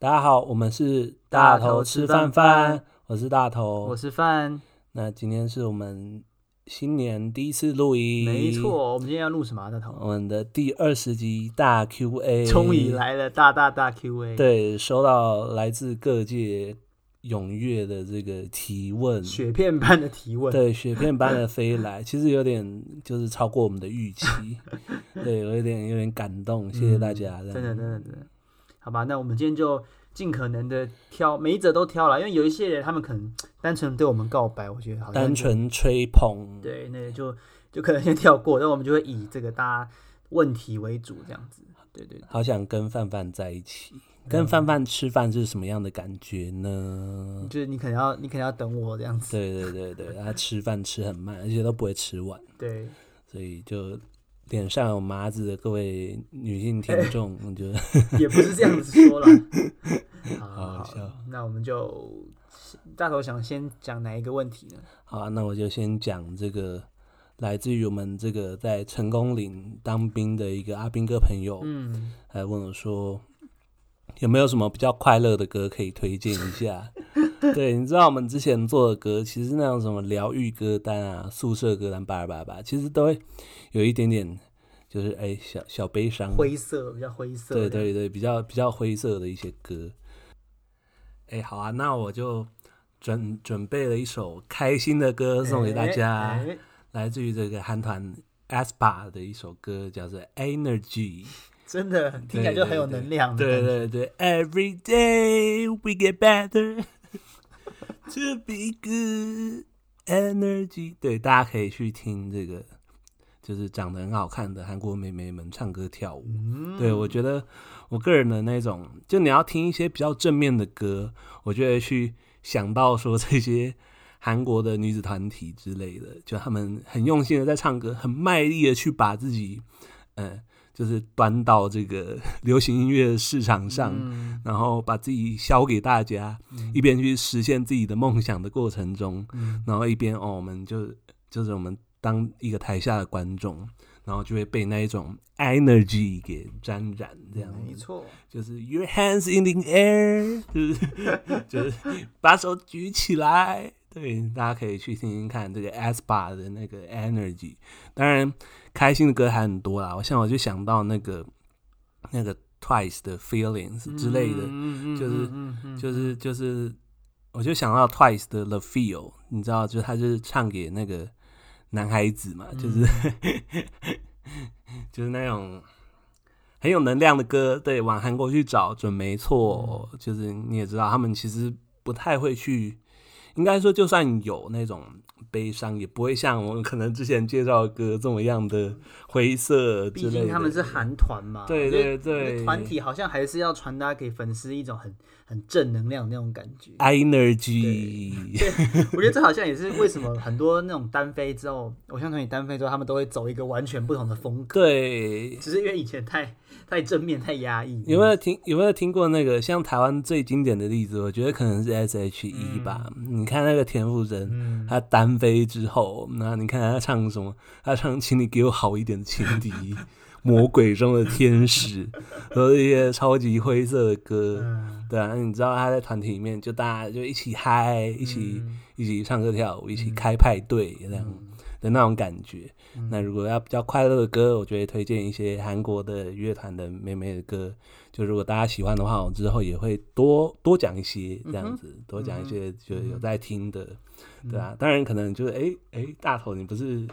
大家好，我們是大頭吃范范，范范我是大頭，我是范。那今天是我們新年第一次錄音，沒錯。我們今天要錄什麼、啊？大頭，我們的第二十集大 QA，終於來了，大大大 QA。對，收到來自各界踴躍的這個提問，雪片般的提問，對，雪片般的飛來， 其實有點就是超過我們的預期， 對我有點有點感動，謝謝大家、嗯，真的真的真的。真的好吧，那我們今天就盡可能的挑，每一則都挑了，因為有一些人他們可能單純對我們告白，我覺得好像單純吹捧，對，那就就可能先跳過，那我們就會以這個大家問題為主這樣子。對對，對，好想跟范范在一起，嗯、跟范范吃飯是什麼樣的感覺呢？就是你可能要你可能要等我這樣子。對對對對，他吃飯吃很慢， 而且都不會吃完。對，所以就。臉上有麻子的各位女性聽眾，我覺得也不是這樣子說了， 好，好 好笑。那我們就大頭想先講哪一個問題呢？好啊，那我就先講這個來自於我們這個在成功嶺當兵的一個阿兵哥朋友，嗯，來問我說有沒有什麼比較快樂的歌可以推薦一下。 對，你知道我們之前做的歌，其實那種什麼療癒歌單啊、宿舍歌單八二八八，8 8, 其實都會有一點點，就是哎、欸，小小悲傷，灰色，比較灰色。對對對，比較比較灰色的一些歌。哎、欸，好啊，那我就準準備了一首開心的歌送給大家，欸欸、來自於這個韓團 aespa 的一首歌，叫做、e《Energy》，真的聽起來對對對就很有能量。對對對,對,對，Every day we get better。這比個 energy，對，大家可以去聽這個，就是長得很好看的韓國妹妹們唱歌跳舞。對，我覺得，我個人的那種，就你要聽一些比較正面的歌，我就會去想到說這些韓國的女子團體之類的，就他們很用心的在唱歌，很賣力的去把自己，嗯、呃。就是端到這個流行音樂市場上，嗯、然後把自己銷給大家，嗯、一邊去實現自己的夢想的過程中，嗯、然後一邊哦，我們就就是我們當一個台下的觀眾，然後就會被那一種 energy 給沾染，這樣子沒錯，就是 your hands in the air，就是 就是把手舉起來，對，大家可以去聽聽看這個 Asba 的那個 energy，當然。開心的歌還很多啦，我現在，我就想到那個那個 Twice 的 Feelings 之類的，嗯、就是、嗯、就是就是，我就想到 Twice 的 The Feel，你知道，就他就是唱給那個男孩子嘛，就是、嗯、 就是那種很有能量的歌。對，往韓國去找準沒錯，就是你也知道，他們其實不太會去，應該說就算有那種。悲傷也不會像我們可能之前介紹歌這麼樣的。灰色，畢竟他們是韓團嘛，對對對，團體好像還是要傳達給粉絲一種很很正能量的那種感覺，energy。對，我覺得這好像也是為什麼很多那種單飛之後，偶像團體單飛之後，他們都會走一個完全不同的風格。對，只是因為以前太太正面太壓抑。有沒有聽有沒有聽過那個像台灣最經典的例子？我覺得可能是 S.H.E 吧。嗯、你看那個田馥甄，她、嗯、單飛之後，那你看她唱什麼？她唱《請你給我好一點》。情敵，魔鬼中的天使， 都是一些超級灰色的歌，嗯、對啊。那你知道他在團體裡面，就大家就一起嗨，嗯、一起一起唱歌跳舞，嗯、一起開派對這樣的那種感覺。嗯、那如果要比較快樂的歌，我覺得推薦一些韓國的樂團的妹妹的歌。就如果大家喜歡的話，嗯、我之後也會多多講一些這樣子，嗯、多講一些就有在聽的，嗯、對啊。當然可能就是誒誒，誒，大頭你不是。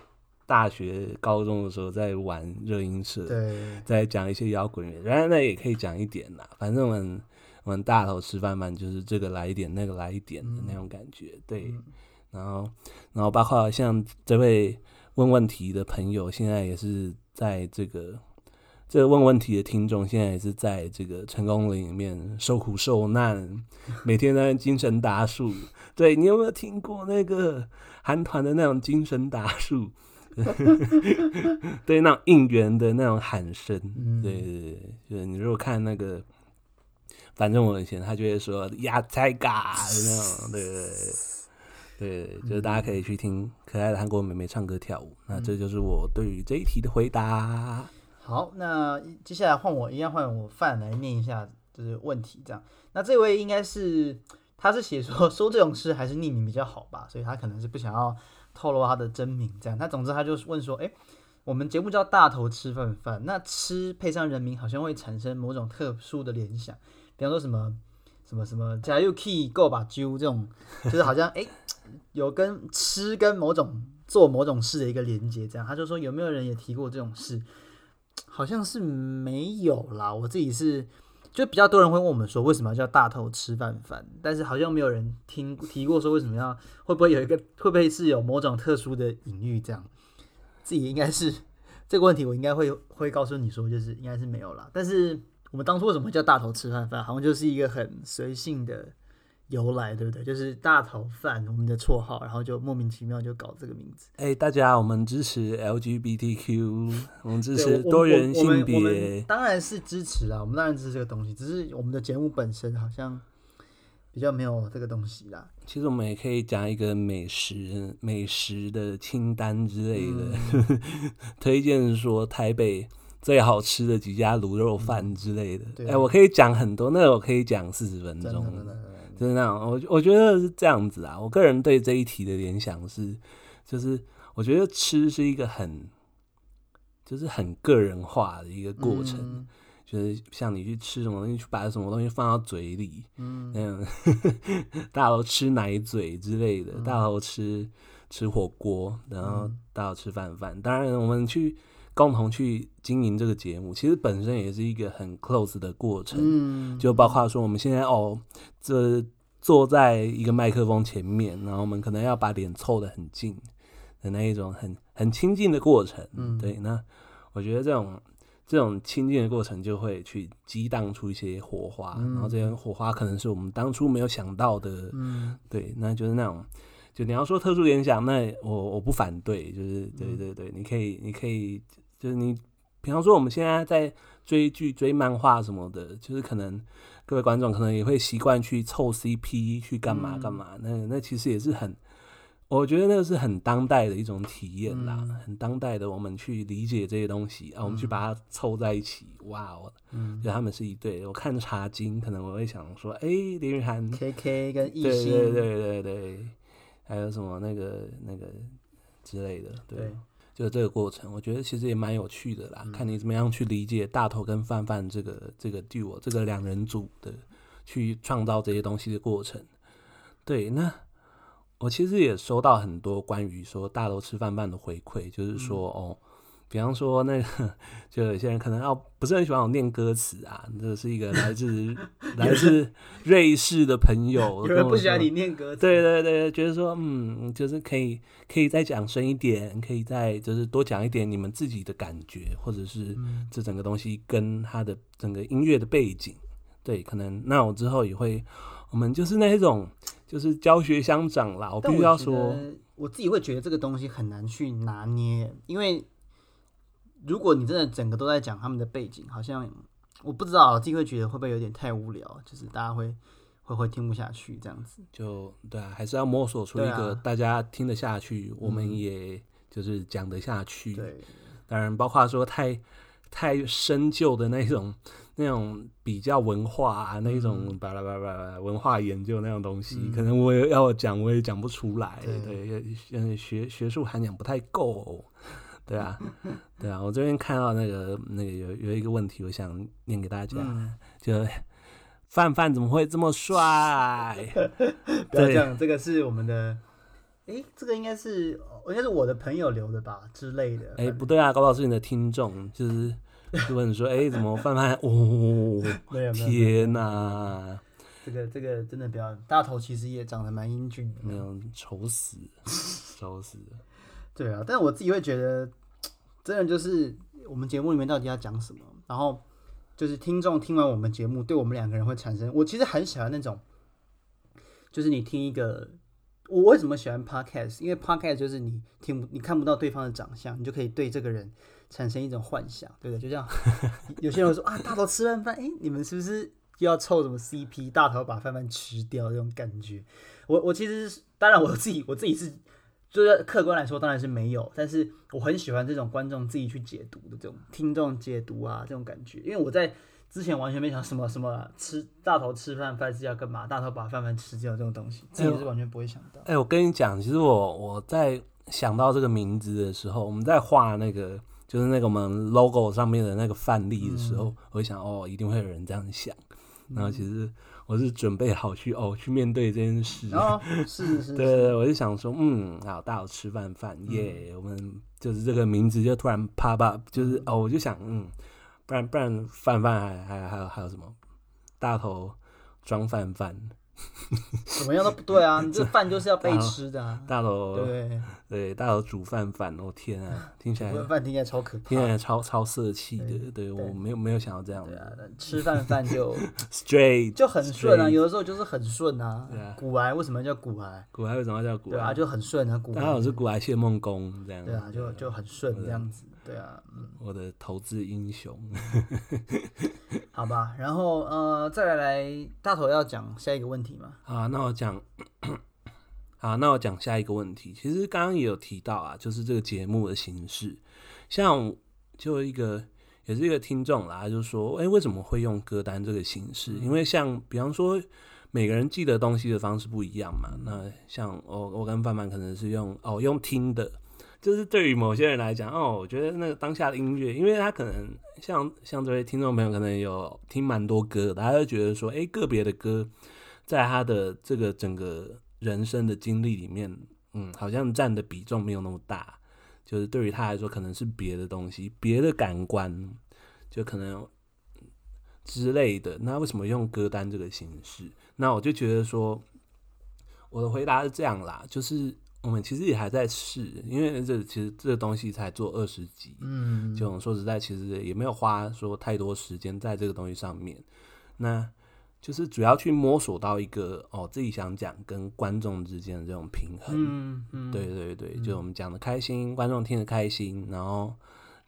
大學、高中的時候在玩熱音社，對，在講一些搖滾樂，然後那也可以講一點啦，反正我們我們大頭吃范范嘛，就是這個來一點，那個來一點的那種感覺，嗯、對。然後然後包括像這位問問題的朋友，現在也是在這個這個、問問題的聽眾，現在也是在這個成功嶺裡面受苦受難，嗯、每天在精神答數。 對，你有沒有聽過那個韓團的那種精神答數？ 對，那種應援的那種喊聲，嗯、對對對，就是你如果看那個，反正我以前他就會說呀，才嘎，那種，對對對，對,對,對，就是大家可以去聽可愛的韓國妹妹唱歌跳舞。嗯、那這就是我對於這一題的回答。好，那接下來換我一樣，換我范來念一下就是問題，這樣。那這位應該是，他是寫說說這種事還是匿名比較好吧，所以他可能是不想要。透露他的真名，這樣。他總之，他就問說：“誒，我們節目叫大頭吃范范，那吃配上人名，好像會產生某種特殊的聯想，比方說什麼什麼什麼，假如 key 夠把揪這種，就是好像誒，有跟吃跟某種做某種事的一個連接，這樣。”他就說：“有沒有人也提過這種事？好像是沒有啦，我自己是。”就比較多人會問我們說，為什麼要叫大頭吃范范？但是好像沒有人聽提過說為什麼要，會不會有一個，會不會是有某種特殊的隱喻這樣？這也應該是這個問題，我應該會會告訴你說，就是應該是沒有啦，但是我們當初為什麼叫大頭吃范范，好像就是一個很隨性的。由來對不對？就是大頭、范，我們的綽號，然後就莫名其妙就搞這個名字。哎、欸，大家，我們支持 LGBTQ，我們支持多元性別， 當然是支持啦，我們當然支持這個東西。只是我們的節目本身好像比較沒有這個東西啦。其實我們也可以講一個美食、美食的清單之類的，嗯、 推薦說台北最好吃的幾家滷肉飯之類的。哎、嗯欸，我可以講很多，那個、我可以講四十分鐘。就是那樣，我我覺得是這樣子啊。我個人對這一題的聯想是，就是我覺得吃是一個很，就是很個人化的一個過程。嗯、就是像你去吃什麼東西，去把什麼東西放到嘴裡，嗯，這樣 大頭吃奶嘴之類的，大頭吃吃火鍋，然後大頭吃飯飯。嗯、當然，我們去。共同去經營這個節目，其實本身也是一個很 close 的過程，嗯、就包括說我們現在哦，這坐在一個麥克風前面，然後我們可能要把臉湊得很近的那一種很很親近的過程，嗯、對，那我覺得這種這種親近的過程就會去激盪出一些火花，嗯、然後這些火花可能是我們當初沒有想到的，嗯、對，那就是那種，就你要說特殊聯想，那我我不反對，就是對對對，你可以你可以。就是你，比方說我們現在在追劇、追漫畫什麼的，就是可能各位觀眾可能也會習慣去湊 CP 去幹嘛幹嘛，嗯、那那其實也是很，我覺得那個是很當代的一種體驗啦，嗯、很當代的我們去理解這些東西啊，嗯、我們去把它湊在一起，哇哦，嗯，就他們是一對，我看茶金可能我會想說，哎、欸，連俞涵，KK 跟薏心，對，對對對對，還有什麼那個那個之類的，對。對就這個過程，我覺得其實也蠻有趣的啦。嗯、看你怎麼樣去理解大頭跟范范這個這個 duo 這個兩人組的去創造這些東西的過程。對，那我其實也收到很多關於說大頭吃范范的回饋，嗯、就是說哦。比方說，那個就有些人可能要、哦、不是很喜歡我念歌詞啊，這是一個來自 有人 來自瑞士的朋友， 有人不喜歡你念歌詞，對對對，覺得說嗯，就是可以可以再講深一點，可以再就是多講一點你們自己的感覺，或者是這整個東西跟他的整個音樂的背景，嗯、對，可能那我之後也會，我們就是那一種就是教學相長啦，我必須要說我，我自己會覺得這個東西很難去拿捏，因為。如果你真的整個都在講他們的背景，好像我不知道，自己會覺得會不會有點太無聊？就是大家會會會聽不下去這樣子。就對啊，還是要摸索出一個、啊、大家聽得下去，我們也就是講得下去。對、嗯，當然包括說太太深究的那種、嗯、那種比較文化啊，嗯、那種巴拉巴拉巴拉文化研究那種東西，嗯、可能我也要講我也講不出來。對，對，學學術涵養不太夠、哦。對啊，對啊，我這邊看到那個那個有有一個問題，我想念給大家，嗯、就范范怎麼會這麼帥？ 不要這樣講，對這個是我們的，哎，這個應該是應該是我的朋友留的吧之類的。哎誒范、欸，不對啊，搞不好是你的聽眾，就是就問說，哎， 怎麼范范？哦， 天哪，這個這個真的比較大頭，其實也長得蠻英俊的。沒有，醜死，醜死。 對啊，但是我自己會覺得。真的就是我們節目裡面到底要講什麼，然後就是聽眾聽完我們節目，對我們兩個人會產生。我其實很喜歡那種，就是你聽一個，我為什麼喜歡 podcast？因為 podcast 就是你聽，你看不到對方的長相，你就可以對這個人產生一種幻想，對的。就像 有些人說啊，大頭吃范范，誒，你們是不是又要湊什麼 CP？大頭把范范吃掉這種感覺。我我其實，當然我自己我自己是。就是客觀來說，當然是沒有。但是我很喜歡這種觀眾自己去解讀的這種聽眾解讀啊，這種感覺。因為我在之前完全沒想到什麼什麼、啊、吃大頭吃范范是要幹嘛，大頭把范范吃掉這種東西，這也是完全不會想到。哎、欸欸，我跟你講，其實我我在想到這個名字的時候，我們在畫那個就是那個我們 logo 上面的那個範例的時候，嗯、我會想哦，一定會有人這樣想。然後其實。嗯我是準備好去哦，去面對這件事。哦，是是。 對，我就想說，嗯，好，大頭吃飯飯耶。嗯、yeah, 我們就是這個名字就突然 pop up，就是哦，我就想，嗯，不然不然飯飯還還有還有還有什麼大頭裝飯飯。怎麼樣都不對啊！你這飯就是要被吃的啊，大頭，對，大頭煮飯飯哦，天啊，聽起來煮飯飯聽起來超可怕，聽起來超超色氣的，對我沒有沒有想到這樣子，吃飯飯就 straight 就很順啊，有的時候就是很順啊，骨癌為什麼叫骨癌？骨癌為什麼叫骨癌？對啊，就很順啊，骨，剛好是骨癌解夢宮這樣，對啊，就就很順這樣子。對啊，嗯、我的投資英雄， 好吧，然後呃，再來大頭要講下一個問題嗎？啊，那我講咳咳，啊，那我講下一個問題。其實剛剛也有提到啊，就是這個節目的形式，像就一個也是一個聽眾啦，他就說，哎，為什麼會用歌單這個形式？嗯、因為像比方說，每個人記得東西的方式不一樣嘛。嗯、那像我、哦、我跟范范可能是用哦用聽的。就是對於某些人來講，哦，我覺得那個當下的音樂，因為他可能像像這位聽眾朋友，可能有聽蠻多歌，他就覺得說，誒、欸，個別的歌，在他的這個整個人生的經歷裡面，嗯，好像占的比重沒有那麼大，就是對於他來說，可能是別的東西，別的感官，就可能之類的。那為什麼用歌單這個形式？那我就覺得說，我的回答是這樣啦，就是。我們其實也還在試，因為這其實這個東西才做二十集，嗯，就我們說實在，其實也沒有花說太多時間在這個東西上面，那就是主要去摸索到一個哦自己想講跟觀眾之間的這種平衡，嗯嗯，嗯對對對，嗯、就是我們講的開心，觀眾聽得開心，然後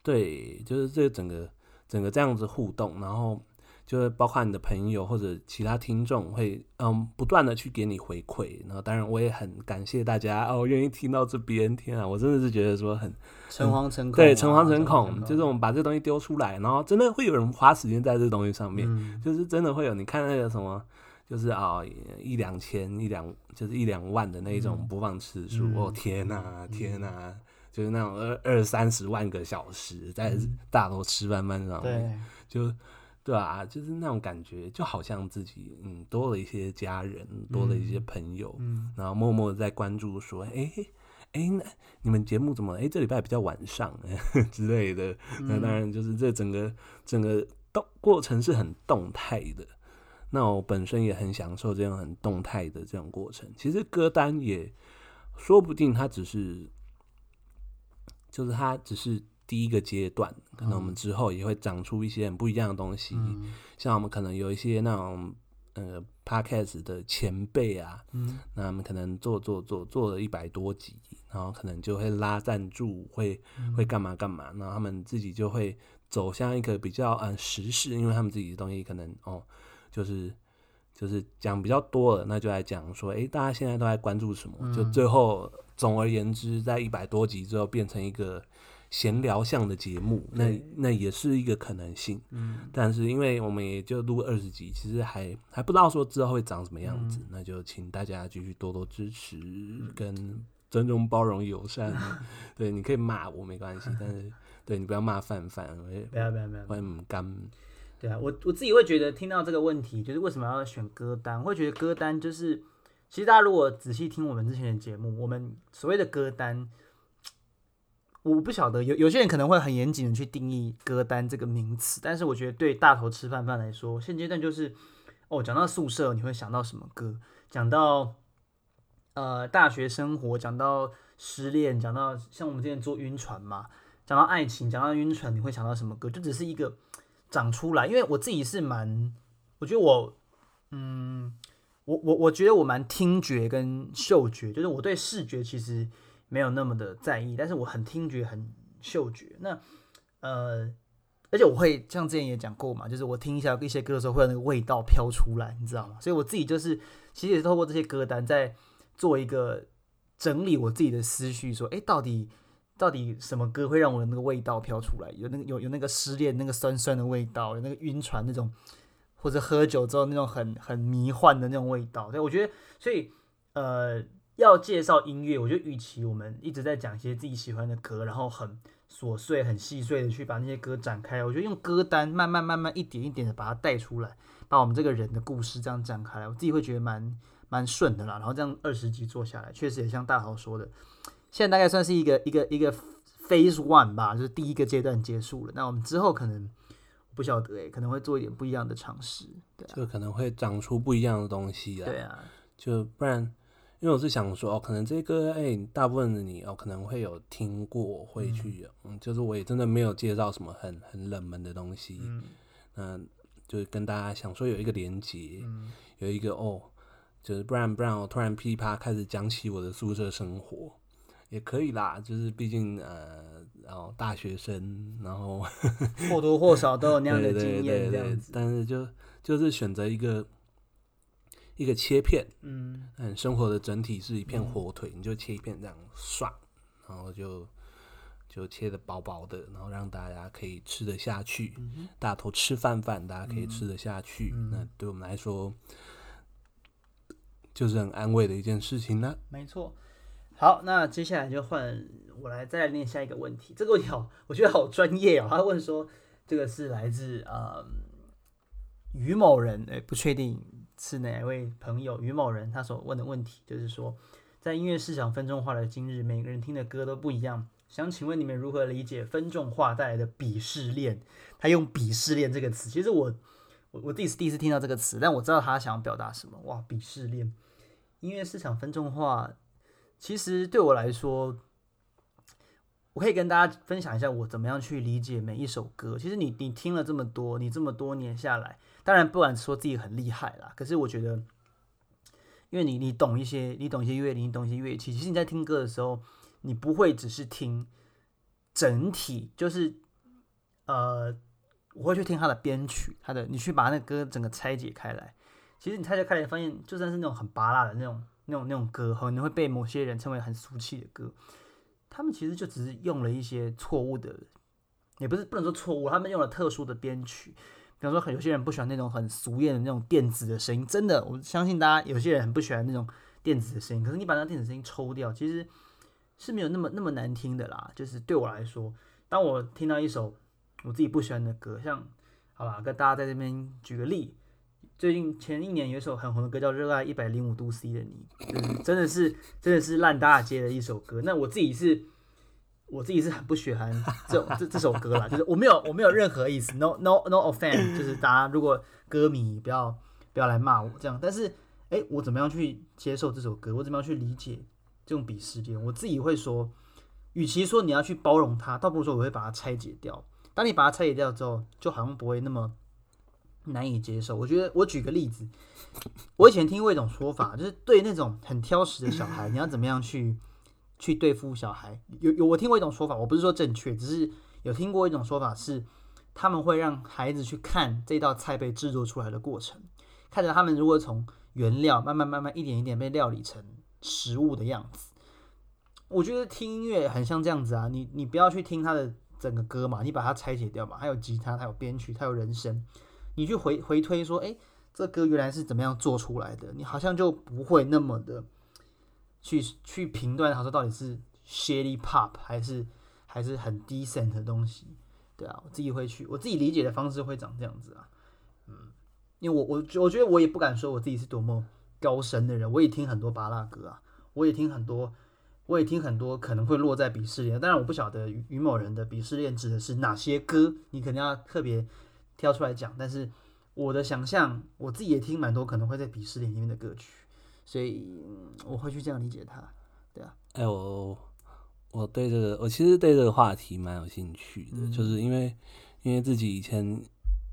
對，就是這個整個整個這樣子互動，然後。就是包括你的朋友或者，其他聽眾會嗯不斷的去給你回饋，然後當然我也很感謝大家哦願意聽到這邊，天啊，我真的是覺得說很誠惶誠恐。啊、對，誠惶誠恐，就是我們把這東西丟出來，然後真的會有人花時間在這東西上面，嗯、就是真的會有你看那個什麼，就是啊、哦、一兩千一兩就是一兩萬的那種播放次數，嗯、哦天吶，天吶、啊，天啊，嗯、就是那種二二三十萬個小時在大頭吃范范上、嗯、然後對就。對啊，就是那種感覺，就好像自己嗯多了一些家人，多了一些朋友，嗯，嗯然後默默在關注說，說哎誒，那你們節目怎麼？哎，這禮拜比較晚上呵呵之類的。嗯，那當然，就是這整個整個動過程是很動態的。那我本身也很享受這樣很動態的這種過程。其實歌單也說不定，它只是就是它只是。就是第一個階段，可能我們之後也會長出一些很不一樣的東西，嗯、像我們可能有一些那種呃帕卡斯 a s 的前輩啊，嗯，那他們可能做做做做了一百多集，然後可能就會拉贊助，會、嗯、會幹嘛幹嘛，然後他們自己就會走向一個比較嗯、呃、時事，因為他們自己的東西可能哦，就是就是講比較多了，那就來講說，誒、欸，大家現在都在關注什麼？嗯、就最後總而言之，在一百多集之後變成一個。閒聊向的節目，那那也是一個可能性。嗯，但是因為我們也就錄二十集，其實還還不知道說之後會長什麼樣子。嗯、那就請大家繼續多多支持，嗯、跟尊重、包容、友善。嗯、對，你可以罵我沒關係，嗯、但是對，你不要罵范范，呵呵我也不要不要不要，歡迎乾。對啊，我我自己會覺得聽到這個問題，就是為什麼要選歌單？會覺得歌單就是，其實大家如果仔細聽我們之前的節目，我們所謂的歌單。我不曉得有有些人可能會很嚴謹的去定義歌單這個名詞，但是我覺得對大頭吃范范來說，現階段就是哦，講到宿舍你會想到什麼歌？講到呃大學生活，講到失戀，講到像我們之前坐暈船嘛，講到愛情，講到暈船，你會想到什麼歌？就只是一個講出來，因為我自己是蠻，我覺得我嗯，我我我覺得我蠻聽覺跟嗅覺，就是我對視覺其實沒有那麼的在意，但是我很聽覺，很嗅覺。那呃，而且我會像之前也講過嘛，就是我聽一下一些歌的時候，會有那個味道飄出來，你知道嗎？所以我自己就是其實也是透過這些歌單在做一個整理我自己的思緒，說，哎，到底到底什麼歌會讓我的那個味道飄出來？有那個有有那個失戀那個酸酸的味道，有那個暈船那種，或者喝酒之後那種很很迷幻的那種味道。對，我覺得，所以呃。要介紹音樂，我覺得與其我們一直在講一些自己喜歡的歌，然後很瑣碎、很細碎的去把那些歌展開，我覺得用歌單慢慢慢慢一點一點的把它帶出來，把我們這個人的故事這樣展開來，我自己會覺得蠻蠻順的啦。然後這樣二十集做下來，確實也像大豪說的，現在大概算是一個一個一個 phase one 吧，就是第一個階段結束了。那我們之後可能不曉得誒、欸，可能會做一點不一樣的嘗試，對啊，就可能會長出不一樣的東西啊，對啊，就不然。因為我是想說哦，可能這些歌哎，大部分的你哦可能會有聽過會，會去嗯，嗯，就是我也真的沒有介紹什麼很很冷門的東西，嗯，就是跟大家想說有一個連接，嗯嗯、有一個哦，就是不然不然我突然噼啪，啪開始講起我的宿舍生活也可以啦，就是畢竟呃，然後大學生然後或多或少都有那樣的經驗這樣子 對，對，對，對，對，但是就就是選擇一個。一個切片，嗯，生活的整體是一片火腿，嗯、你就切一片這樣刷，然後就就切得薄薄的，然後讓大家可以吃得下去。嗯、哼大頭吃范范，大家可以吃得下去，嗯、那對我們來說就是很安慰的一件事情呢、啊。沒錯，好，那接下來就換我來再來念下一個問題。這個問題哦，我覺得好專業哦，他問說這個是來自於、呃、某人，哎、呃，不確定。是哪位朋友於某人他所問的問題，就是說，在音樂市場分眾化的今日，每個人聽的歌都不一樣。想請問你們如何理解分眾化帶來的鄙視鏈？他用鄙視鏈這個詞，其實我我我第一次第一次聽到這個詞，但我知道他想要表達什麼。哇，鄙視鏈！音樂市場分眾化，其實對我來說，我可以跟大家分享一下我怎麼樣去理解每一首歌。其實你你聽了這麼多，你這麼多年下來。當然，不敢說自己很厲害啦，可是我覺得，因為你你懂一些，你懂一些樂理，你懂一些樂器。其實你在聽歌的時候，你不會只是聽整體，就是呃，我會去聽他的編曲，他的你去把那個歌整個拆解開來。其實你拆解開來，發現就算是那種很芭樂的那種、那種、那種歌，可能會被某些人稱為很俗氣的歌，他們其實就只是用了一些錯誤的，也不是不能說錯誤，他們用了特殊的編曲。比如說，很有些人不喜歡那種很俗豔的那種電子的聲音，真的，我相信大家有些人很不喜歡那種電子的聲音。可是你把那電子聲音抽掉，其實是沒有那麼那麼難聽的啦。就是對我來說，當我聽到一首我自己不喜歡的歌，像，好吧，跟大家在這邊舉個例，最近前一年有一首很紅的歌叫《熱愛一百零五度 C 的你》，就是真的是真的是爛大街的一首歌。那我自己是。我自己是很不喜歡這這這首歌啦，就是我沒有我沒有任何意思，no no no offense，就是大家如果歌迷不要不要來罵我這樣，但是哎、欸，我怎麼樣去接受這首歌？我怎麼樣去理解這種鄙視鏈？我自己會說，與其說你要去包容它，倒不如說我會把它拆解掉。當你把它拆解掉之後，就好像不會那麼難以接受。我覺得我舉個例子，我以前聽過一種說法，就是對那種很挑食的小孩，你要怎麼樣去？去對付小孩，有有我聽過一種說法，我不是說正確，只是有聽過一種說法是，他們會讓孩子去看這道菜被制作出來的過程，看着他們如何從原料慢慢慢慢一點一點被料理成食物的樣子。我覺得聽音樂很像這樣子啊，你你不要去聽他的整個歌嘛，你把它拆解掉嘛，還有吉他，還有編曲，還有人聲，你去回回推說，誒，這歌原來是怎麼樣做出來的，你好像就不會那麼的。去去評斷他說到底是 shady pop 還是還是很 decent 的東西，對啊，我自己會去，我自己理解的方式會長這樣子啊，嗯，因為我我我覺得我也不敢說我自己是多麼高深的人，我也聽很多芭樂歌啊，我也聽很多，我也聽很多可能會落在鄙視鏈，當然我不曉得於某人的鄙視鏈指的是哪些歌，你肯定要特別挑出來講，但是我的想象我自己也聽蠻多可能會在鄙視鏈裡面的歌曲。所以我會去這樣理解他，對啊。哎，我我對這個，我其實對這個話題蠻有興趣的，嗯、就是因為因為自己以前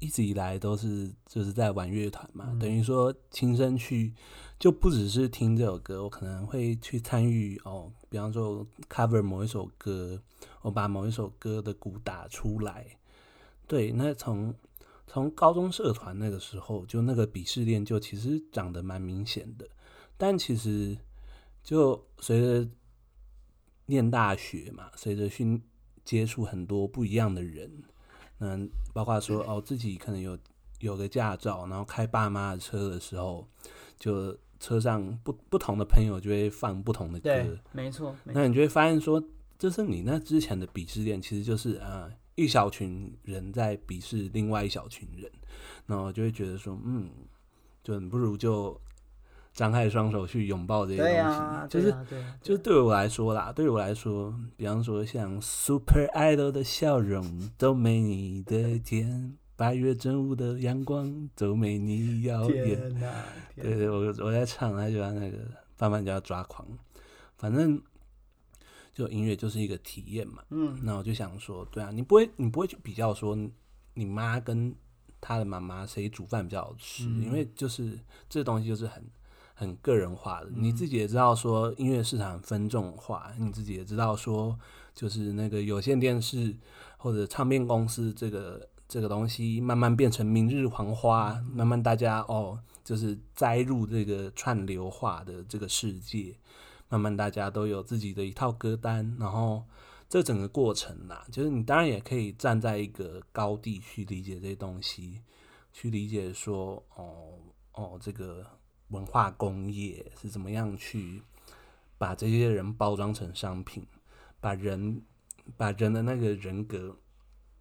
一直以來都是就是在玩樂團嘛，嗯、等於說親身去就不只是聽這首歌，我可能會去參與哦，比方說 cover 某一首歌，我把某一首歌的鼓打出來。對，那從從高中社團那個時候，就那個鄙視鏈就其實長得蠻明顯的。但其實，就隨着念大學嘛，隨着去接觸很多不一樣的人，嗯，包括說哦，自己可能有有個駕照，然後開爸媽的車的時候，就車上不不同的朋友就會放不同的歌。對沒錯，沒錯。那你就會發現說，就是你那之前的鄙視鏈，其實就是啊，一小群人在鄙視另外一小群人，然後就會覺得說，嗯，就很不如就。張開雙手去擁抱這些東西，啊對啊，就是就對我來說啦。對我來說，比方說像 Super Idol 的笑容都沒你的甜，八對月正午的陽光都沒你耀眼。對對，我我在唱他就啊那個范范就要抓狂。反正就音樂就是一個體驗嘛。嗯，那我就想說，對啊，你不會你不會去比較說你媽跟她的媽媽誰煮飯比較好吃，嗯、因為就是這東西就是很。很個人化的，你自己也知道，說音樂市場分眾化，嗯、你自己也知道，說就是那個有線電視或者唱片公司，這個這個東西慢慢變成明日黃花，嗯、慢慢大家哦，就是栽入這個串流化的這個世界，慢慢大家都有自己的一套歌單，然後這整個過程啦、啊，就是你當然也可以站在一個高地去理解這些東西，去理解說哦哦這個。文化工業是怎麼樣去把這些人包裝成商品，把人把人的那個人格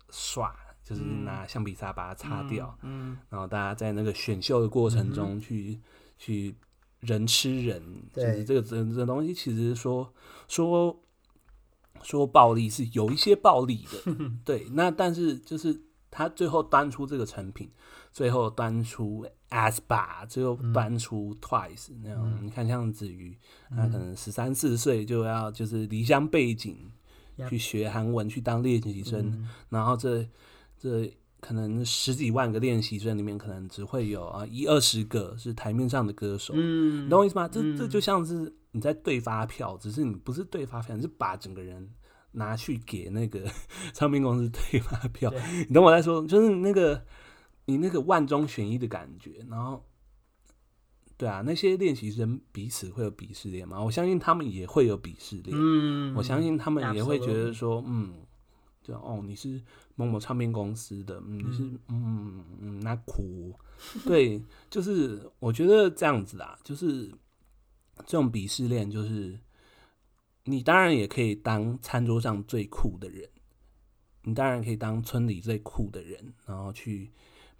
刷，就是拿橡皮擦把它擦掉，嗯，嗯然後大家在那個選秀的過程中去、嗯、哼去人吃人，對就是、這個，這個這這東西其實說說說暴力是有一些暴力的， 對，那但是就是。他最後端出這個成品，最後端出 aespa，最後端出 twice 那樣。你看，像子瑜，嗯、他可能十三四歲就要就是離鄉背井，嗯、去學韓文，去當練習生。嗯、然後這這可能十幾萬個練習生裡面，可能只會有啊一二十個是台面上的歌手。嗯、你懂我意思嗎？嗯、這這就像是你在對發票，只是你不是對發票，你是把整個人。拿去給那個唱片公司退發票對， 你等我再說，就是那個你那個萬中選一的感覺，然後，對啊，那些練習生彼此會有鄙視鏈嘛？我相信他們也會有鄙視鏈，嗯，我相信他們也會覺得說，嗯，就、嗯嗯、哦，你是某某唱片公司的，嗯，你是嗯嗯那苦，cool、 對，就是我覺得這樣子啊，就是這種鄙視鏈就是。你當然也可以當餐桌上最酷的人，你當然可以當村裡最酷的人，然後去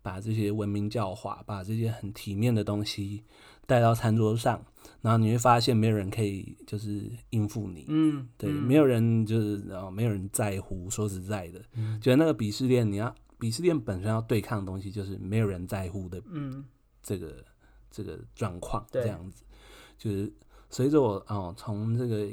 把這些文明教化，把這些很體面的東西帶到餐桌上，然後你會發現沒有人可以就是應付你，嗯，對，嗯、沒有人就是然、哦、沒有人在乎。說實在的，覺得、嗯、那個鄙視鏈，你要鄙視鏈本身要對抗的東西就是沒有人在乎的、這個，嗯、這個，這個這個狀況，這樣子，對就是隨着我哦從這個。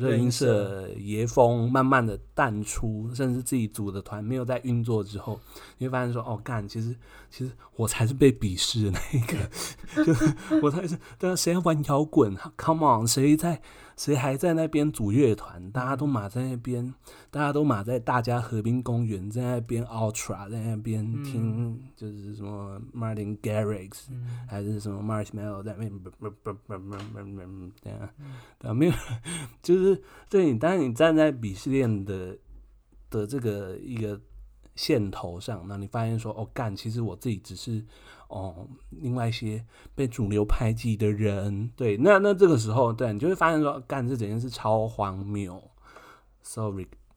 熱音社、椰風慢慢的淡出，甚至自己組的團沒有在運作之後，你會發現說，哦幹，其實其實我才是被鄙視的那一個， 就是我才是，但誰要玩搖滾？Come on，誰在？誰還在那邊組樂團？大家都馬在那邊，大家都馬在大佳河濱公園，在那邊 Ultra，在那邊聽，就是什麼 Martin Garrix，、嗯、還是什麼 Marshmallow，那邊不不不不不不，沒有，就是對你，當你站在鄙視鏈的的這個一個線頭上，那你發現說哦，干，其實我自己只是。哦，另外一些被主流排擠的人，對，那那這個時候，對，你就會發現說，幹這整件事超荒謬，so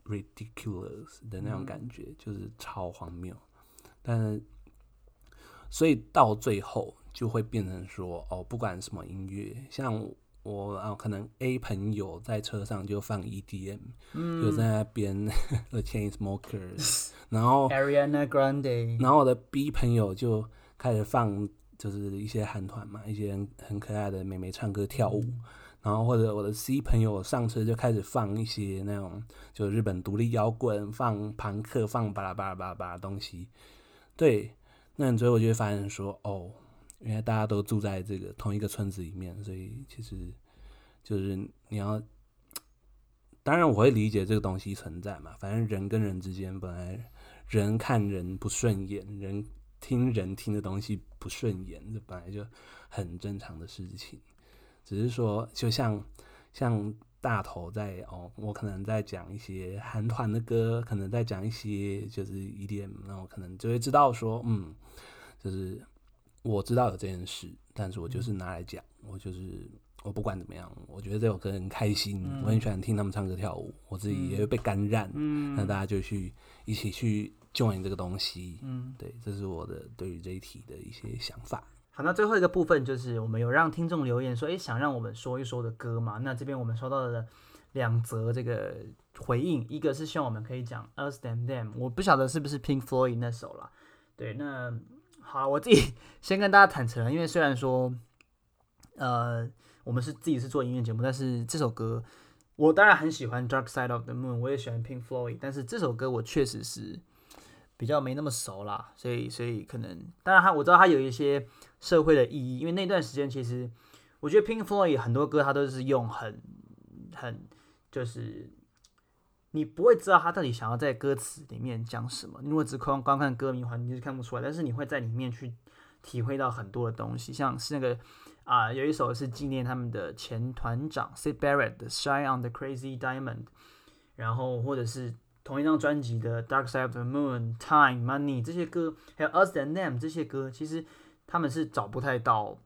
ridiculous 的那種感覺，嗯、就是超荒謬。但是，所以到最後就會變成說，哦，不管什麼音樂，像我啊，可能 A 朋友在車上就放 EDM，、嗯、就在那邊 The Chainsmokers，、ok、 然後 Ariana Grande，然後我的 B 朋友就。開始放就是一些韓團嘛，一些很可愛的美眉唱歌跳舞，然後或者我的 C 朋友上車就開始放一些那種就日本獨立搖滾、放朋克、放巴拉巴拉巴拉巴拉東西。對，那你最後我就會發現說，哦，原來大家都住在這個同一個村子裡面，所以其實就是你要，當然我會理解這個東西存在嘛，反正人跟人之間本來人看人不順眼，人。聽人聽的東西不順眼，這本來就很正常的事情。只是說，就像像大頭在哦，我可能在講一些韓團的歌，可能在講一些就是 EDM，那我可能就會知道說，嗯，就是我知道有這件事，但是我就是拿來講，嗯、我就是我不管怎麼樣，我覺得這首歌很開心，嗯、我很喜歡聽他們唱歌跳舞，我自己也會被感染。嗯，那大家就去一起去。join 這個東西，嗯，對，這是我的對於這一題的一些想法。好,那最後一個部分就是我們有讓聽眾留言說，誒，想讓我們說一說的歌嘛。那這邊我們收到了兩則這個回應，一個是希望我們可以講 Us and Them，我不曉得是不是 Pink Floyd 那首啦。對，那好，我自己先跟大家坦誠，因為雖然說，呃，我們是自己是做音樂節目，但是這首歌我當然很喜歡 Dark Side of the Moon，我也喜歡 Pink Floyd，但是這首歌我確實是。比較沒那麼熟啦，所以所以可能，當然他我知道他有一些社會的意義，因為那段時間其實我覺得 Pink Floyd 很多歌他都是用很很就是你不會知道他到底想要在歌詞裡面講什麼，你如果只看光,光看歌名的話，你就看不出來，但是你會在裡面去體會到很多的東西，像是那個啊、呃、有一首是紀念他們的前團長 Syd Barrett 的 Shine on the Crazy Diamond，然後或者是。同一張專輯的《Dark Side of the Moon》《Time》《Money》這些歌，還有《Us and Them》這些歌，其實他們是找不太到，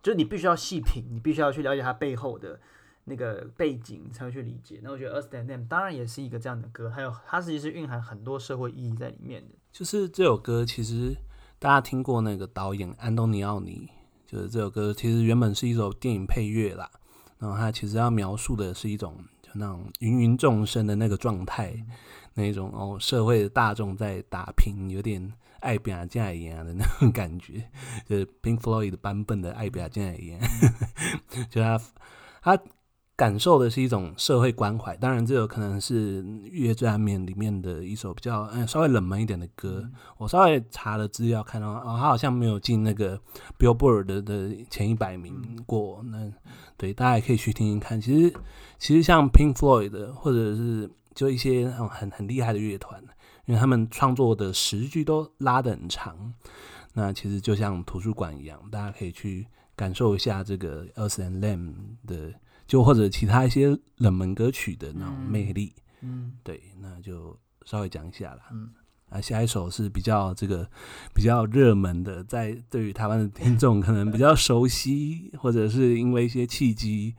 就是你必須要細品，你必須要去了解它背後的那個背景，才會去理解。那我覺得《Us and Them》當然也是一個這樣的歌，還有它其實是蘊含很多社會意義在裡面的。就是這首歌其實大家聽過那個導演安東尼奧尼，就是這首歌其實原本是一首電影配樂啦，然後它其實要描述的是一種。那種芸芸眾生的那個狀態，嗯、那種哦，社會的大眾在打拼，有點愛拚才會贏的那種感覺，就是 Pink Floyd 版本的愛拚才會贏， 就他他。感受的是一種社會關懷，當然這有可能是《月之暗面》裡面的一首比較嗯、哎、稍微冷門一點的歌。嗯、我稍微查了資料看到，啊、哦，他好像沒有進那個 Billboard 的前一百名過。那對大家也可以去聽聽看。其實，其實像 Pink Floyd 或者是就一些那種很很厲害的樂團，因為他們創作的時距都拉得很長。那其實就像圖書館一樣，大家可以去感受一下這個 Earth and Lamb 的。就或者其他一些冷門歌曲的那種魅力。嗯，嗯對，那就稍微講一下了。嗯，啊，下一首是比較這個比較熱門的，在對於台灣的聽眾可能比較熟悉，嗯、或者是因為一些契機，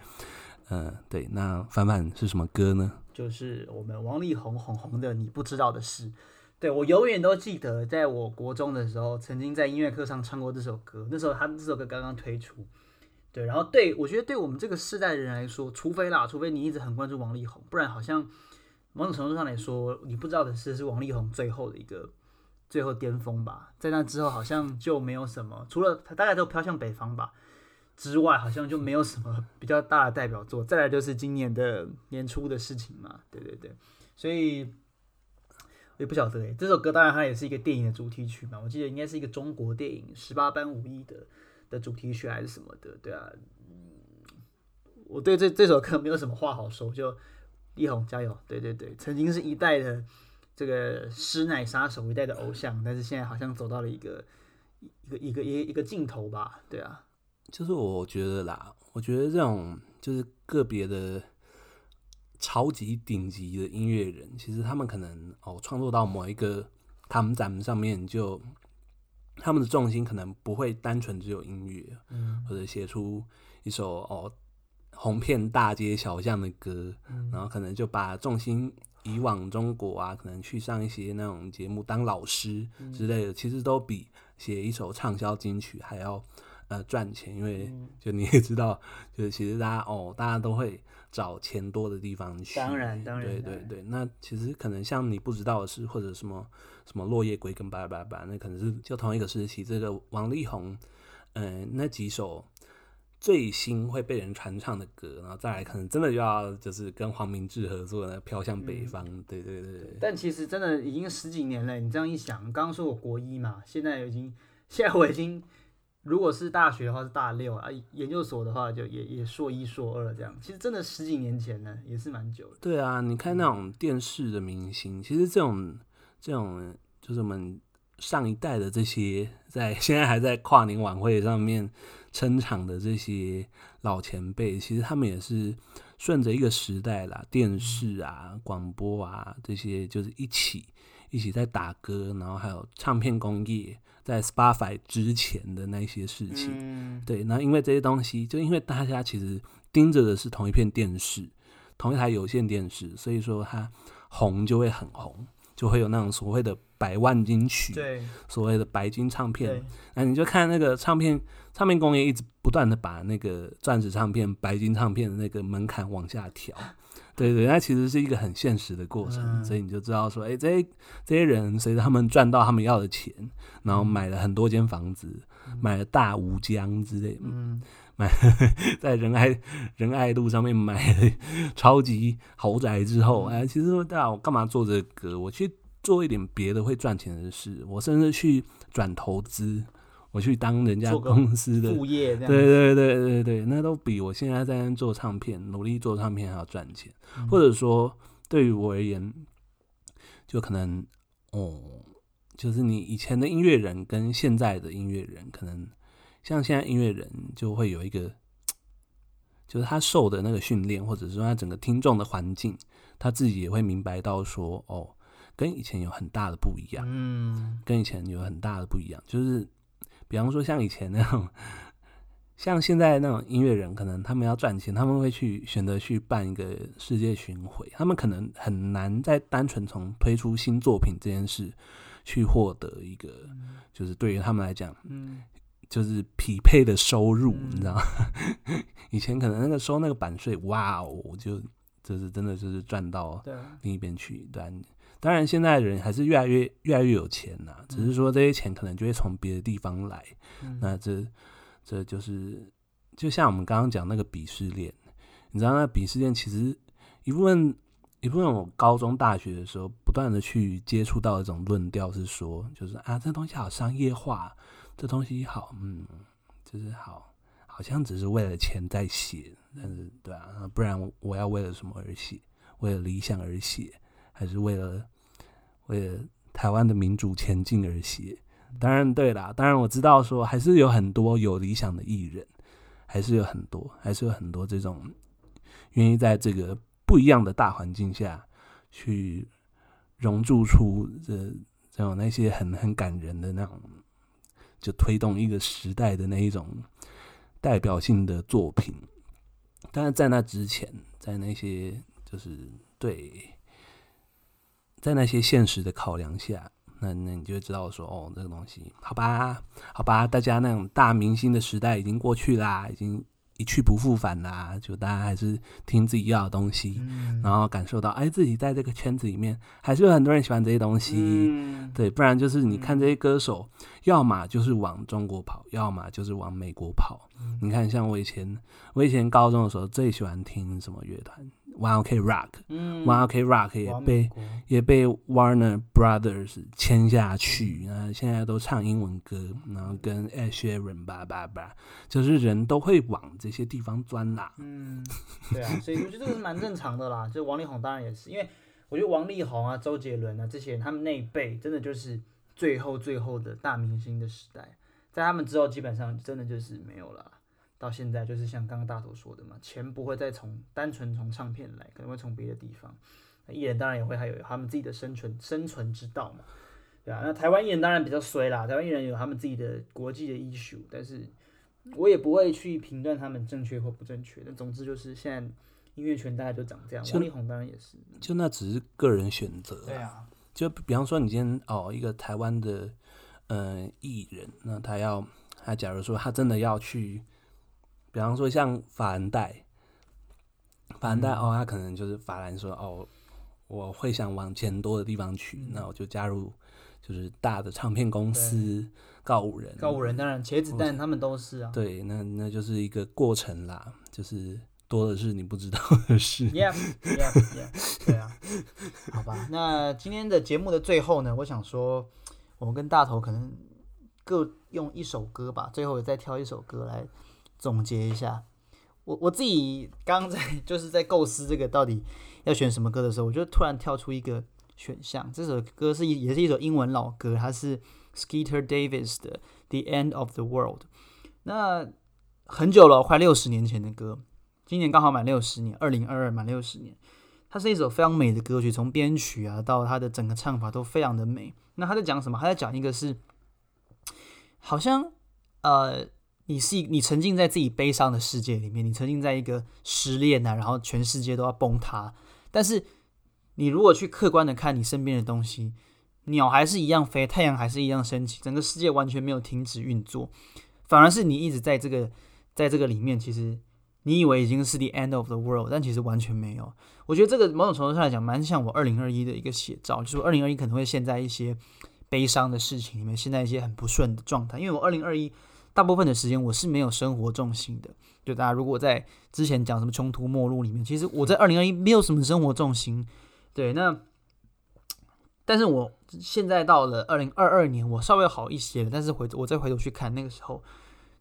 嗯、呃，對，那范范是什麼歌呢？就是我們王力宏紅紅的你不知道的事。對我永遠都記得，在我國中的時候，曾經在音樂課上唱過這首歌，那時候他這首歌剛剛推出。對，然後對我覺得，對我們這個世代的人來說，除非啦，除非你一直很關注王力宏，不然好像某種程度上來說，你不知道的是，是王力宏最後的一個最後巔峰吧。在那之後，好像就沒有什麼，除了他大概都飄向北方吧之外，好像就沒有什麼比較大的代表作。再來就是今年的年初的事情嘛，對對對，所以我也不曉得、欸、這首歌當然它也是一個電影的主題曲嘛，我記得應該是一個中國電影《十八般武藝》的。的主題曲還是什麼的，對啊，我對這這首歌沒有什麼話好說，就力宏加油，對對對，曾經是一代的這個師奶殺手，一代的偶像，但是現在好像走到了一個一個一個一一個盡頭吧，對啊，就是我覺得啦，我覺得這種就是個別的超級頂級的音樂人，其實他們可能哦創作到某一個，他們在上面就。他們的重心可能不會單純只有音樂，嗯、或者寫出一首哦紅遍大街小巷的歌，嗯、然後可能就把重心移往中國啊，可能去上一些那種節目當老師之類的，嗯、其實都比寫一首暢銷金曲還要呃賺錢，因為就你也知道，就其實大家哦，大家都會。找錢多的地方去，當然，當然，對對對。那其實可能像你不知道的事，或者什麼什麼落葉歸根，叭叭叭，那可能是就同一個時期，這個王力宏，嗯、呃，那幾首最新會被人傳唱的歌，然後再來可能真的就要就是跟黃明志合作那《飄向北方》嗯，對對對。但其實真的已經十幾年了，你這樣一想，剛剛說我國一嘛，現在已經，現在我已經。如果是大學的話是大六啊，研究所的話就也也碩一碩二這樣。其實真的十幾年前呢，也是蠻久了。對啊，你看那種電視的明星，其實這種這種就是我們上一代的這些，在現在還在跨年晚會上面撐場的這些老前輩，其實他們也是順着一個時代啦，電視啊、廣播啊這些就是一起一起在打歌，然後還有唱片工業。S 在 Spotify 之前的那些事情，嗯、對，那因為這些東西，就因為大家其實盯着的是同一片電視，同一台有線電視，所以說它紅就會很紅。就會有那種所謂的百萬金曲，對所謂的白金唱片，那你就看那個唱片，唱片工業一直不斷的把那個鑽石唱片、白金唱片的那個門檻往下調，對對， 那其實是一個很現實的過程，嗯、所以你就知道說，哎、欸，這這些人隨着他們賺到他們要的錢，然後買了很多間房子，買了大吳江之類的，嗯。嗯買 在仁愛仁愛路上面買超級豪宅之後，哎，其實到底我講我幹嘛做這個？我去做一點別的會賺錢的事。我甚至去轉投資，我去當人家公司的副業。對對對對對，對，那都比我現在在那做唱片，努力做唱片還要賺錢。或者說，對於我而言，就可能哦，就是你以前的音樂人跟現在的音樂人，可能。像現在音樂人就會有一個，就是他受的那個訓練，或者是說他整個聽眾的環境，他自己也會明白到說，哦，跟以前有很大的不一樣，嗯，跟以前有很大的不一樣。就是比方說像以前那樣，像現在那種音樂人，可能他們要賺錢，他們會去選擇去辦一個世界巡迴，他們可能很難再單純從推出新作品這件事去獲得一個，就是對於他們來講，嗯。就是匹配的收入，嗯、你知道嗎？ 以前可能那個收那個版稅，哇哦，就就是真的就是賺到另一邊去。對、啊但，當然現在人還是越來越越來越有錢吶、啊，嗯、只是說這些錢可能就會從別的地方來。嗯、那這這就是就像我們剛剛講那個鄙視鏈，你知道那鄙視鏈其實一部分一部分，我高中大學的時候不斷的去接觸到一種論調是說，就是啊，這東西好商業化。這東西好，嗯，就是好，好像只是為了錢在寫，但是對啊，不然我要為了什麼而寫？為了理想而寫，還是為了為了台灣的民主前進而寫？當然對啦，當然我知道說還是有很多有理想的藝人，還是有很多，還是有很多這種願意在這個不一樣的大環境下去融入出這這種那些很很感人的那種。就推動一個時代的那一種代表性的作品，但是在那之前，在那些就是對，在那些現實的考量下，那那你就會知道說，哦，這個東西，好吧，好吧，大家那種大明星的時代已經過去啦，已經。一去不復返啊，就大家還是聽自己要的東西，嗯、然後感受到哎，自己在這個圈子裡面還是有很多人喜歡這些東西，嗯、對。不然就是你看這些歌手，要麼就是往中國跑，要麼就是往美國跑。嗯、你看，像我以前，我以前高中的時候，最喜歡聽什麼樂團？One Ok Rock，One、嗯、Ok Rock 也被也被 Warner Brothers 簽下去，然後現在都唱英文歌，然後跟 a、嗯、Share 人吧吧吧，就是人都會往這些地方鑽啦。嗯，對啊，所以我覺得這個是蠻正常的啦。 就王力宏當然也是，因為我覺得王力宏啊、周杰倫啊這些人，他們那一輩真的就是最後最後的大明星的時代，在他們之後基本上真的就是沒有了。到現在就是像剛剛大頭說的嘛，錢不會再從單純從唱片來，可能會從別的地方。藝人當然也會還有他們自己的生存生存之道嘛。對啊，那台灣藝人當然比較衰啦，台灣藝人有他們自己的國際的 issue，但是我也不會去評斷他們正確或不正確。但總之就是現在音樂圈大概就長這樣，就王力宏當然也是，就那只是個人選擇啊。對啊，就比方說你今天哦，一個台灣的嗯藝、呃、人，那他要他假如說他真的要去。比方說像法蘭黛，法蘭黛、嗯、哦，他可能就是法蘭說哦，我會想往錢多的地方去，嗯、那我就加入就是大的唱片公司。對告五人，告五人，當然茄子蛋武他們都是啊。對，那那就是一個過程啦，就是多的是你不知道的事。Yeah, yeah, yeah, 對啊。好吧，那今天的節目的最後呢，我想說，我們跟大頭可能各用一首歌吧，最後也再挑一首歌來。總結一下，我我自己剛在就是在構思這個到底要選什麼歌的時候，我就突然跳出一個選項。這首歌是也是一首英文老歌，它是 Skeeter Davis 的《The End of the World》那。那很久了，快六十年前的歌，今年剛好滿六十年，二零二二滿六十年。它是一首非常美的歌曲，從編曲啊到它的整個唱法都非常的美。那他在講什麼？他在講一個是，好像呃。你是你沉浸在自己悲傷的世界裡面，你沉浸在一個失戀吶，然後全世界都要崩塌。但是你如果去客觀的看你身邊的東西，鳥還是一樣飛，太陽還是一樣升起，整個世界完全沒有停止運作，反而是你一直在這個在這個裡面。其實你以為已經是 the end of the world，但其實完全沒有。我覺得這個某種程度上來講，蠻像我二零二一的一個寫照，就是二零二一可能會陷在一些悲傷的事情裡面，陷在一些很不順的狀態。因為我二零二一。大部分的時間我是沒有生活重心的。就大家如果在之前講什麼窮途末路裡面，其實我在二零二一沒有什麼生活重心。對，那，但是我現在到了二零二二年，我稍微好一些了。但是回頭我再回頭去看那個時候，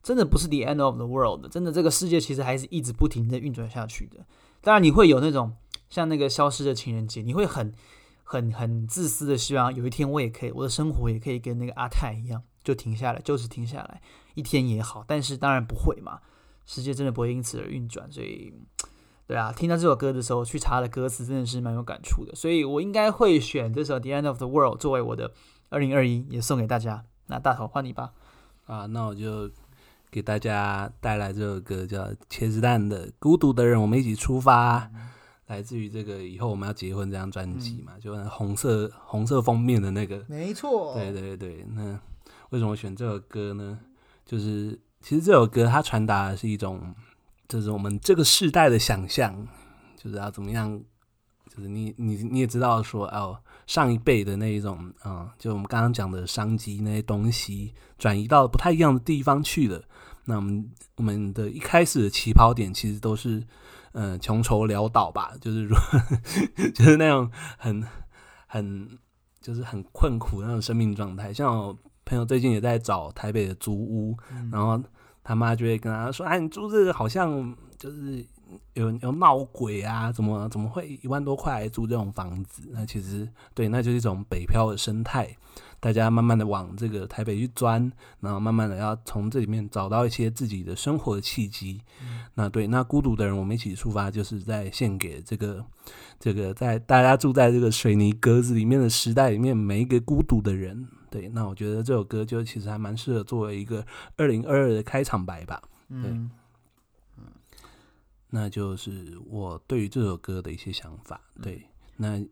真的不是 the end of the world。真的，這個世界其實還是一直不停的運轉下去的。當然，你會有那種像那個消失的情人節，你會很、很、很自私的希望有一天我也可以，我的生活也可以跟那個阿泰一樣，就停下來，就是停下來。一天也好，但是當然不會嘛，世界真的不會因此而運轉。所以，對啊，聽到這首歌的時候，去查的歌詞真的是蠻有感觸的。所以我應該會選這首《The End of the World》作為我的二零二一，也送給大家。那大頭換你吧。啊，那我就給大家帶來這首歌，叫《茄子蛋》的《孤獨的人》，我們一起出發，嗯、來自於這個以後我們要結婚這張專輯嘛，嗯、就紅色紅色封面的那個。沒錯。對對對，那為什麼選這首歌呢？就是，其實這首歌它傳達的是一種，就是我們這個時代的想象，就是要怎麼樣？就是你你你也知道說，哦，上一輩的那一種，嗯、哦，就我們剛剛講的商機那些東西，轉移到不太一樣的地方去了。那我們我們的一開始的起跑點其實都是，嗯、呃，窮愁潦倒吧，就是說， 就是那種很很，就是很困苦的那種生命狀態，像、哦。朋友最近也在找台北的租屋，嗯、然後他媽就會跟他說：“哎、啊，你租這個好像就是有有鬧鬼啊？怎麼怎麼會一萬多塊來租這種房子？那其實對，那就是一種北漂的生態。”大家慢慢的往這個台北去鑽，然後慢慢的要從這裡面找到一些自己的生活的契機。嗯、那對，那孤獨的人，我們一起出發，就是在獻給這個這個在大家住在這個水泥格子裡面的時代裡面每一個孤獨的人。對，那我覺得這首歌就其實還蠻適合作為一個二零二二的開場白吧。對，嗯，那就是我對於這首歌的一些想法。對，嗯、那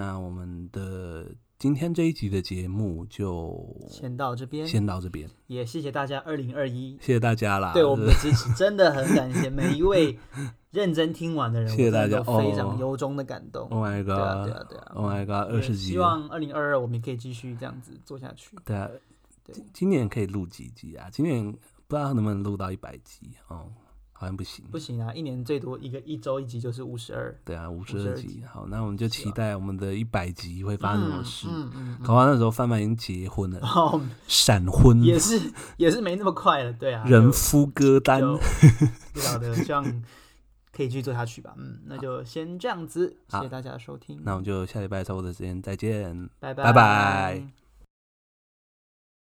那我們的。今天這一集的節目就先到這邊，先到這邊，也謝謝大家二零二一，謝謝大家啦，對我們的支持真的很感謝每一位認真聽完的人， 謝謝大家，非常由衷的感動，Oh my god，Oh my god，二十對集，希望二零二二我們也可以繼續這樣子做下去，對啊，今對今年可以錄幾集啊？今年不知道能不能錄到一百集哦。好像不行，不行啊，一年最多一個一周一集就是五十二，對啊，五十二集。好，那我們就期待我們的一百集會發生什麼事。嗯嗯。好，那時候范范已經結婚了，哦，閃婚也是也是沒那麼快了，對啊，人夫歌單。不曉得，希望可以繼續做下去吧。嗯，那就先這樣子，謝謝大家的收聽。那我們就下禮拜差不多的時間再見，拜拜拜拜。